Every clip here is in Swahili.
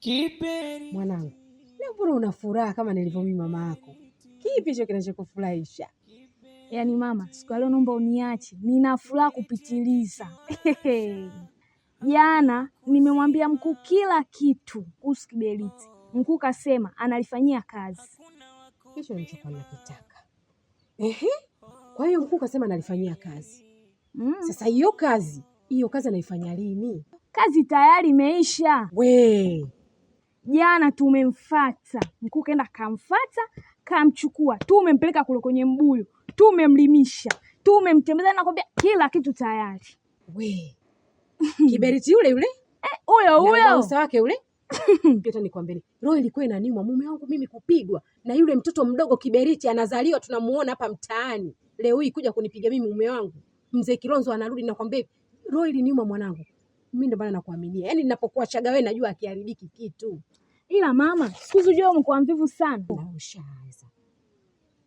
kiperi. Mwanangu, leo mbona una furaha kama nilivyo mimi mama yako? Kipi hicho kinachokufurahisha? Yaani mama, siku ya leo naomba uniache, nina furaha kupitiliza. Jana nimemwambia mkuu kila kitu kuhusu kiberiti, mkuu kasema analifanyia kazi. Hicho nilichokuwa nakitaka. Ehe, kwa hiyo mkuu kasema analifanyia kazi. Mm. Sasa hiyo kazi hiyo kazi anaifanya lini? kazi tayari imeisha. We jana tumemfata mkuu, kaenda kamfata, kamchukua, tumempeleka kule kwenye mbuyu, tumemlimisha, tumemtembeza, nakwambia kila kitu tayari. We kiberiti yule yule eh, huyo huyo uso wake ule hata nikwambie, roho ilikuwa inaniuma mume wangu mimi kupigwa na yule mtoto mdogo kiberiti, anazaliwa tunamuona hapa mtaani, leo hii kuja kunipiga mimi mume wangu mzee Kilonzo anarudi, nakwambia roho iliniuma mwanangu mimi ndio maana nakuaminia. Yaani ninapokuwa chaga wewe najua akiharibiki kitu. Ila mama, siku hizi unajua mvivu sana. Ushaanza.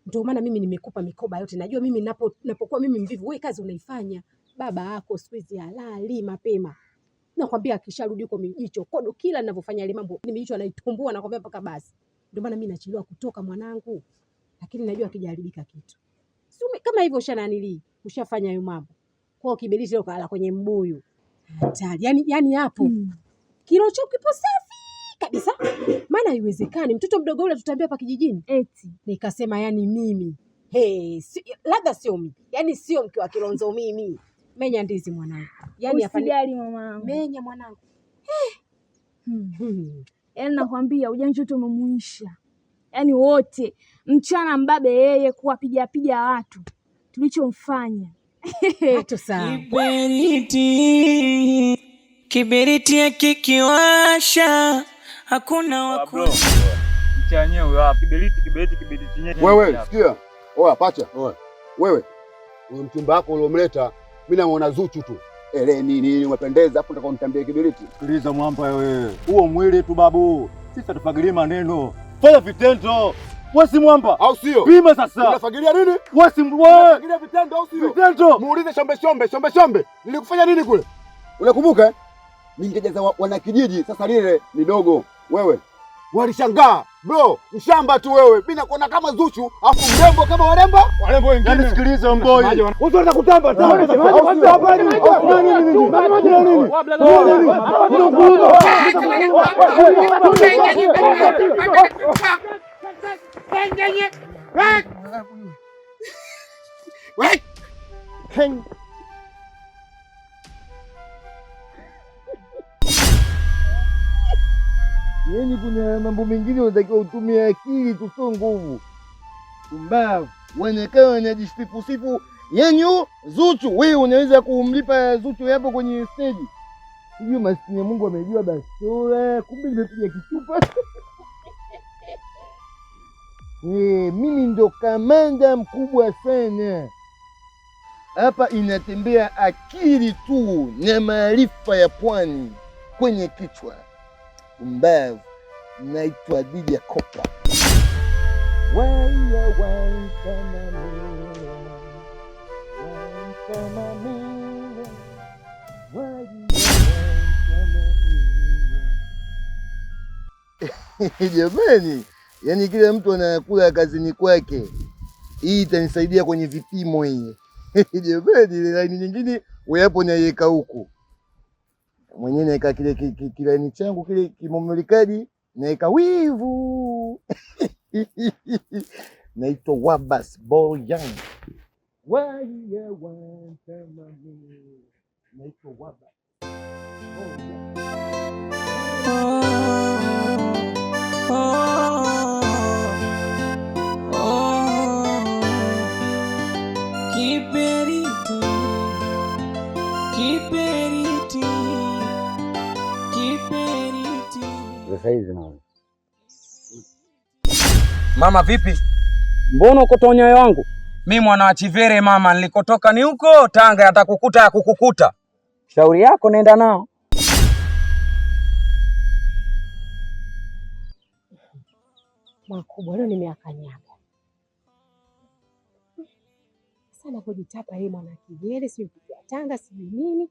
Ndio maana mimi nimekupa mikoba yote. Najua mimi napo, napokuwa mimi mvivu, wewe kazi unaifanya. Baba yako siku hizi halali mapema. Nakwambia akisharudi huko mijicho kodo, kila ninavyofanya ile mambo ni mijicho anaitumbua, nakwambia mpaka basi. Ndio maana mimi nachelewa kutoka mwanangu, lakini najua akijaribika kitu Sio kama hivyo ushananilii ushafanya hiyo mambo Kwa kibilisi leo kala kwenye mbuyu hatari. Yani, yani hapo mm. kilo cha kipo safi kabisa, maana haiwezekani mtoto mdogo yule tutambia hapa kijijini eti. Nikasema yani mimi hey, si, labda sio mimi yani sio mke wa Kilonzo mimi menya ndizi mwanangu, yani afadhali mama menya mwanangu hey. Hmm. Hmm. Yaani nakwambia ujanja wote umemuisha, yani wote mchana mbabe yeye kuwapigapiga watu tulichomfanya Kiberiti, kiberiti kikiwasha hakuna wako. Wewe sikia, oa pacha wewe, mchumba wako uliomleta mimi namuona Zuchu tu. Ele nini umependeza hapo, nataka unitambie kiberiti. Sikiliza mwamba wewe, huo mwili tu babu, sisi hatufagilia maneno, fanya vitendo. Wewe si mwamba au sio? Pima sasa. Unafagilia nini? Wewe si mwamba. Unafagilia vitendo au sio? Vitendo. Muulize shombe shombe, shombe shombe. Nilikufanya nini kule? Unakumbuka? Eh? Ningejaza wa, kijiji sasa lile ni dogo. Wewe walishangaa. Bro, mshamba tu wewe. Mimi nakuona kama Zuchu, afu mrembo kama warembo? Warembo wengine. Yaani sikiliza mboi. Wewe unataka kutamba Wewe Hapa ni nini nini? Kuna nini? Kuna nini? yani kuna mambo mengine unatakiwa utumie akili tu, nguvu. Umbavu wanakaa wanajisifusifu yenyu yaani Zuchu. Wewe unaweza kumlipa Zuchu hapo kwenye stage? sijui maskini ya Mungu amejua basura, kumbe nimepiga kichupa Ye, mimi ndo kamanda mkubwa sana hapa, inatembea akili tu na maarifa ya pwani kwenye kichwa, mbavu naitwa didi ya kopa jamani yaani kila mtu anayakula kazini kwake. Hii itanisaidia kwenye vipimo hii. Laini nyingine uyapo naiweka huku mwenyewe, naeka kile kilaini changu kile kimomolikaji naeka wivu naitwa Wabas Boyan naitwa Wabas Boyan Kiberiti, kiberiti, kiberiti. Mama vipi? Mbona uko tonyayo wangu? Mi mwana wa Chivere mama, nilikotoka ni huko Tanga, yatakukuta ya kukukuta. Shauri yako, nenda nao. Makubwa leo nimeakanyaga anakojitapa yeye mwana kijele, sijui kupiga tanga, nini,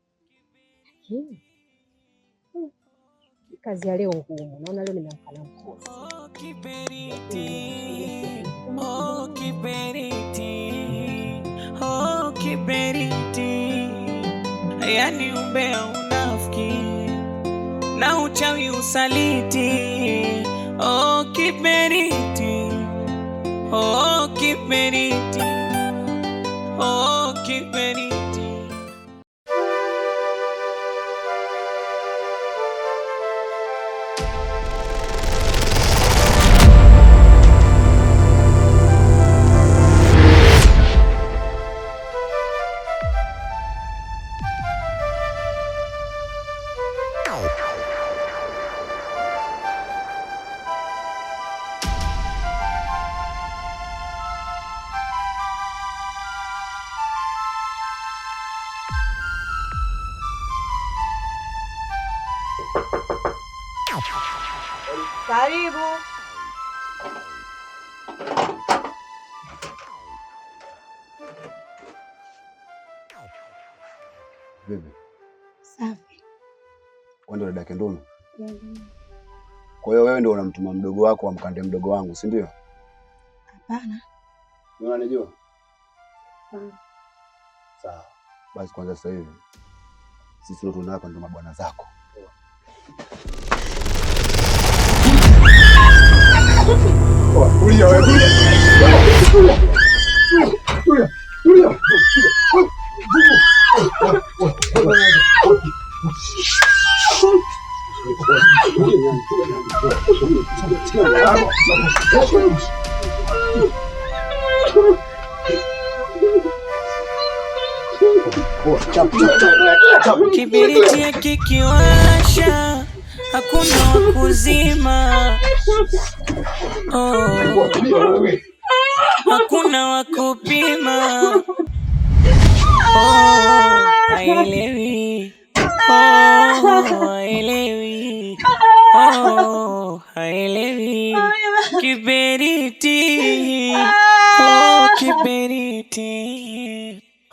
lakini hmm, kazi ya leo ngumu. Naona leo nimeamka oh, kiberiti, oh, kiberiti, oh, kiberiti, yani umbea, unafiki na uchawi, usaliti. Oh, kiberiti, oh, kiberiti Oh. Karibu. Vipi? Safi. Wewe ndio dada Kenduma? Mm. Mm-hmm. Kwa hiyo wewe ndio unamtuma mdogo wako wa mdogo wangu, si ndio? Hapana. Unanijua? Mm. Sawa. Basi kwanza sasa hivi sisi tunataka ndo mabwana zako. 둘이야 왜 둘이야 둘이야 둘이야 둘이야 Kibiriti kikiwasha hakuna wakuzima oh. hakuna wakupima oh. haelewi oh. haelewi oh. haelewi kiberiti oh. kiberiti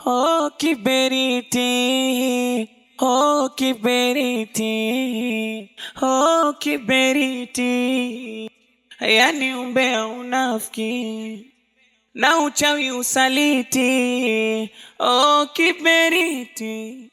oh. kiberiti Oh, kiberiti, oh, kiberiti, yani umbea, unafiki na uchawi, usaliti. Oh, kiberiti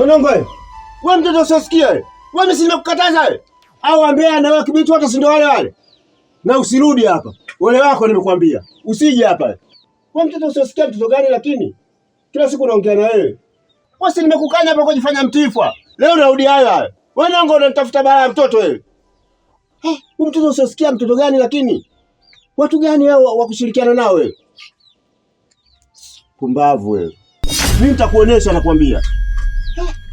Nonongo, wewe mtoto usiosikia wewe. Wewe msinda kukataza wewe. Au ambea na wao kibitu hata sindo wale wale. Na usirudi hapa. Wale wako nimekwambia. Usije hapa. Wewe mtoto usiosikia mtoto gani lakini kila siku naongea na wewe. Wewe si nimekukanya hapa kujifanya mtifwa. Leo narudi hayo hayo. Wewe nango unatafuta balaa mtoto wewe. Eh, wewe mtoto usiosikia mtoto gani lakini watu gani hao wa kushirikiana nao wewe? Pumbavu wewe. Mimi nitakuonesha nakwambia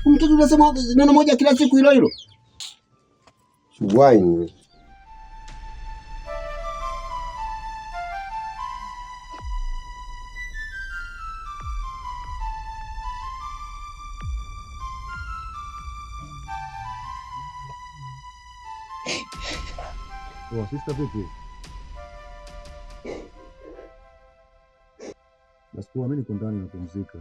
mtoto unasema neno moja kila siku hilo hilo. Wine. Oh, sister vipi? Nasikia mimi niko ndani napumzika.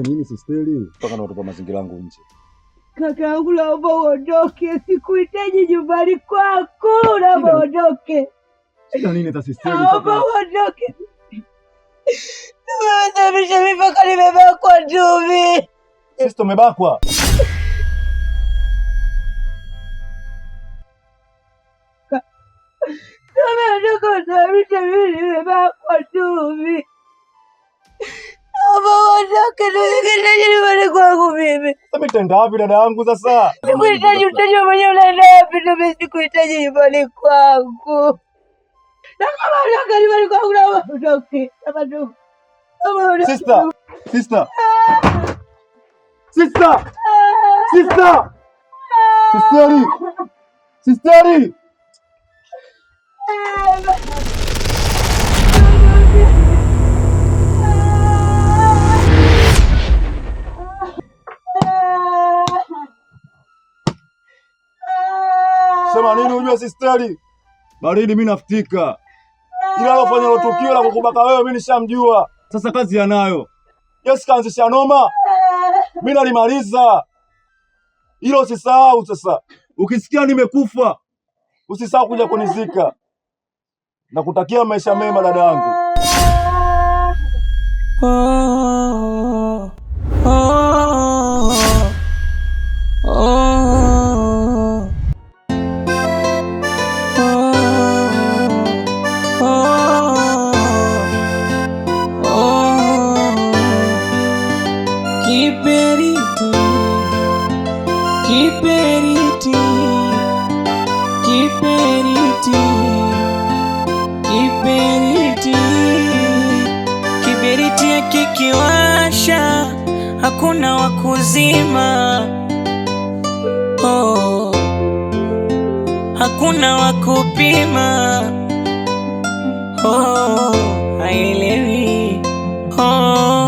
nini sisteri mpaka nautupa mazingira yangu nje. Kaka Kakaangu, naomba uondoke, sikuhitaji nyumbani kwako, naomba uondoke. Shida nini Ta sisteli, Naomba uondoke. Nimesababisha mimba nimebakwa ndumi. Sisi tumebakwa. Nataka usababishe mimi Nitaenda wapi dada yangu sasa? Sikuhitaji, utajua mwenyewe unaenda wapi. sikuhitaji nyumbani kwangu. Sister, sister, sister, Sema nini? Unajua sisteri, baridi mimi nafutika Linalofanya hilo tukio la kukubaka wewe, mimi nishamjua. Sasa kazi yanayo. Yes, kaanzisha noma, mimi nalimaliza hilo. Usisahau sasa, ukisikia nimekufa usisahau kuja kunizika. Nakutakia maisha mema dada yangu. Ah. ukiwasha hakuna wa kuzima oh, hakuna wa kupima oh, haelewi oh.